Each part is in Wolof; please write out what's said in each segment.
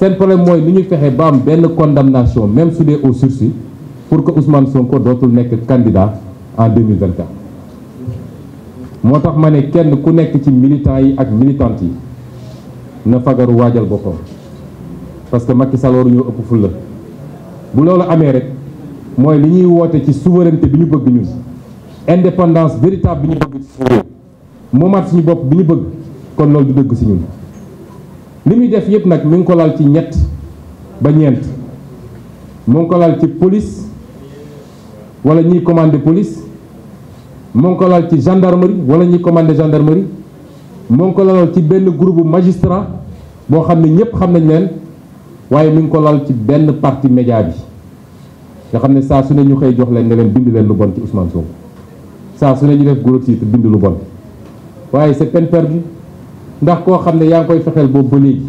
seen problème mooy nu ñu fexe ba am benn condamnation même su dee au sursis pour que Ousmane Sonko dootul nekk candidat en 2024 moo tax ma ne kenn ku nekk ci militants yi ak militantes yi na fagaru waajal boppam parce que Macky Sall waruñoo ëpp fulla bu loolu amee rek mooy li ñuy woote ci souveraineté bi ñu bëgg ñun indépendance véritable bi ñu bëgg ci suñu réew moomaat suñu bopp bi ñu bëgg kon loolu du dëgg si ñun li muy def yëpp nag mu ngi ko lal ci ñett ba ñeent moo ngi ko lal ci police wala ñiy commandé police moo ngi ko lal ci gendarmerie wala ñiy commandé gendarmerie moo ngi ko lalal ci benn groupe magistrat boo xam ne ñëpp xam nañ leen waaye mu ngi ko lal ci benn parti média bi nga xam ne saa su ne ñu koy jox leen ne leen bind leen lu bon ci Ousmane soow saa su ne ñu def gros titre bind lu bon waaye c'est peine perdue ndax koo xam ne yaa ngi koy fexeel boobu ba léegi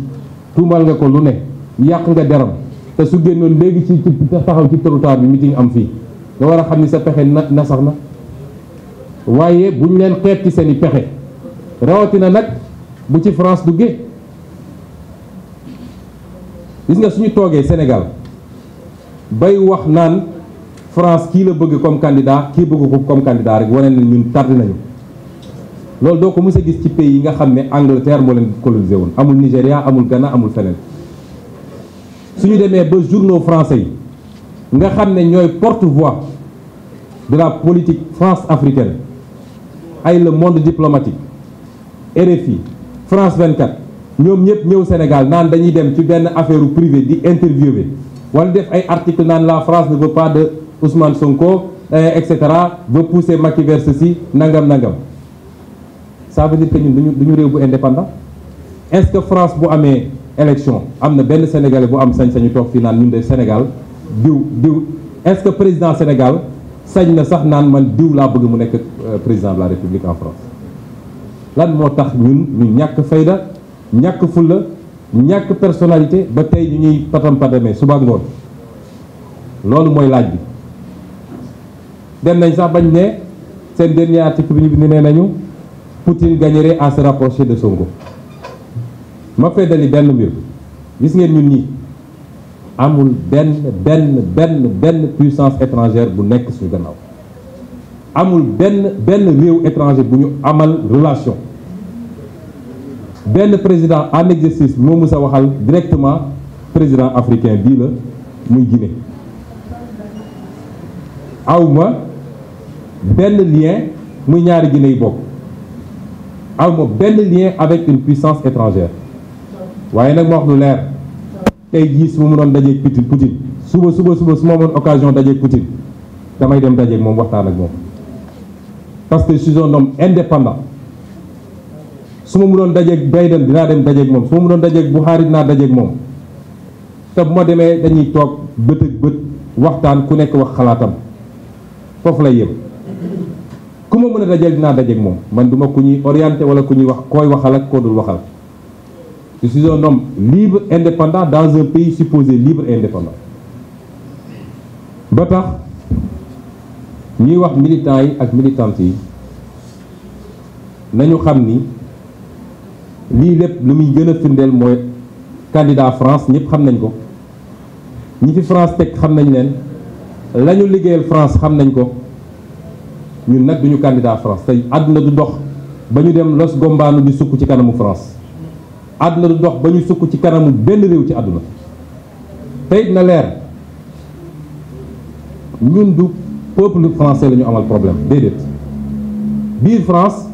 tuumal nga ko lu ne yàq nga deram te su génnoon léegi ci ci taxaw ci trottoir bi meeting am fii nga war a xam ni sa pexe na sax na waaye buñ leen xeet ci seen i pexe rawatina nag bu ci France duggee gis nga suñu toogee senegal bay wax naan France kii la bëgg comme candidat kii bëgg ko comme candidat rek wane na ñun tardé nañu. loolu doo ko mës gis ci pays yi nga xam ne Angleterre moo leen colonisé woon amul Nigéria amul Ghana amul feneen suñu demee ba journaux français yi nga xam ne ñooy porte-voix de la politique France-africaine ay le monde diplomatique RFI France 24 ñoom ñëpp ñëw Sénégal naan dañuy dem ci benn affaire privée di interviewer wala def ay article naan la France ne veut pas de Ousmane Sonko euh, et cetera veut pousser Macky vers ceci nangam nangam ça veut dire que ñun duñu ñu réew bu indépendant est-ce que France bu amee élection am na benn sénégalais bu am sañ-sañu toog fii naan ñun de Sénégal diw diw est-ce que président Sénégal sañ na sax naan man diw laa bëgg mu nekk euh, président de la République en France lan moo tax ñun ñu ñàkk fayda ñàkk fulla ñàkk personnalité ba tey ñu ñuy patam patamee suba ak ngoon loolu mooy laaj bi dem nañ sax bañ ne seen dernier article bi ñu bind nee nañu Poutine gagnerait à se rapprocher de songo ma feddali benn mbir gis ngeen ñun nii amul benn benn benn benn puissance étrangère bu nekk suñu gannaaw amul benn benn réew étranger bu ñu amal relation benn président en exercice moo mës waxal directement président africain bii la muy Guinée awma benn lien muy ñaari gine yi bokk awma benn lien avec une puissance étrangère waaye nag ma wax lu leer tey jii su ma mënoon dajeeg Poutine Poutine suba suba suba su ma amoon occasion dajeeg Poutine damay dem dajeeg moom waxtaan ak moom parce que je suis un homme indépendant su ma mënoon dajeeg Biden dinaa dem dajeeg moom su ma doon dajeeg Buhari dinaa dajeeg moom te bu ma demee dañuy toog bët ak bët waxtaan ku nekk wax xalaatam foofu lay yem. ma mën a dajal dinaa dajeeg moom man du ma ku ñuy orienté wala ku ñuy wax kooy waxal ak koo dul waxal je suis un homme libre indépendant dans un pays supposé libre et indépendant ba tax ñuy wax militants yi ak militantes yi nañu xam ni lii lépp lu muy gën a mooy candidat France ñëpp xam nañ ko ñi fi France teg xam nañ leen la ñu liggéeyal France xam nañ ko ñun nag duñu candidat France tey àdduna du dox ba ñu dem los gombaanu di sukk ci kanamu France àdduna du dox ba ñu sukk ci kanamu benn réew ci àdduna tey na leer ñun du peuple français la ñu amal problème déedéet biir France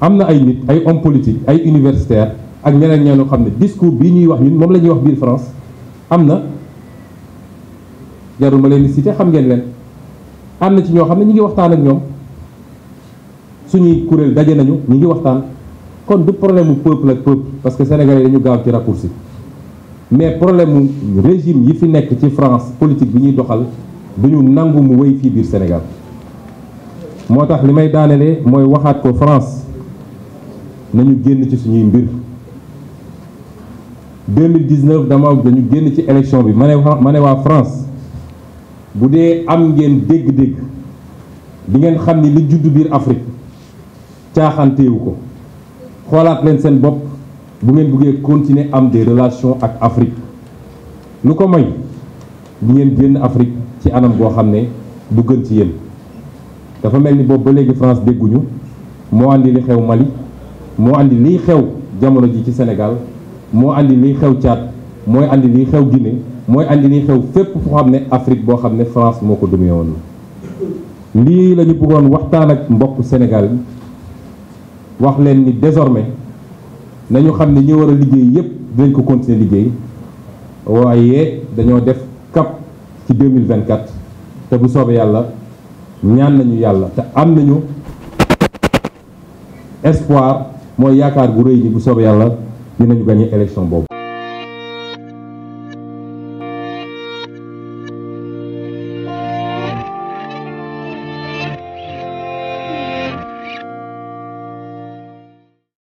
am na ay nit ay homme politique ay universitaire ak ñeneen ñoo xam ne discours bii ñuy wax ñun moom la ñuy wax biir France am na jarul ma leen di cité xam ngeen leen am ci ñoo xam ne ñu ngi waxtaan ak ñoom suñuy kuréel daje nañu ñu ngi waxtaan kon du problème mu peuple ak peuple parce que sénégalais dañu gaaw ci raccourci mais problème mu régime yi fi nekk ci France politique bi ñuy doxal du ñu nangu mu wéy fii biir Sénégal moo tax li may daanelee mooy waxaat ko France nañu génn ci suñuy mbir 2019 dama dañu génn ci élection bi ma ne ma waa France bu dee am ngeen dégg-dégg di ngeen xam ni li juddu biir Afrique caaxanteewu ko xoolaat leen seen bopp bu ngeen buggee continuer am des relation ak Afrique lu ko may di ngeen génn Afrique ci anam boo xam ne du gën ci yéen dafa mel ni boobu ba léegi France dégguñu moo andi li xew Mali moo indi liy xew jamono ji ci Sénégal moo indi liy xew Tchad mooy andi liy xew Guinée mooy andi liy xew fépp foo xam ne Afrique boo xam ne France moo ko dumee woon lii la ñu waxtaan ak mbokk Sénégal wax leen ni désormais nañu xam ne ñu war a liggéey yépp dinañ ko continuer liggéey waaye dañoo def cap ci 2024 te bu soobee yàlla ñaan nañu yàlla te am nañu espoir mooy yaakaar gu rëy ni bu soobee yàlla dinañu gagné élection boobu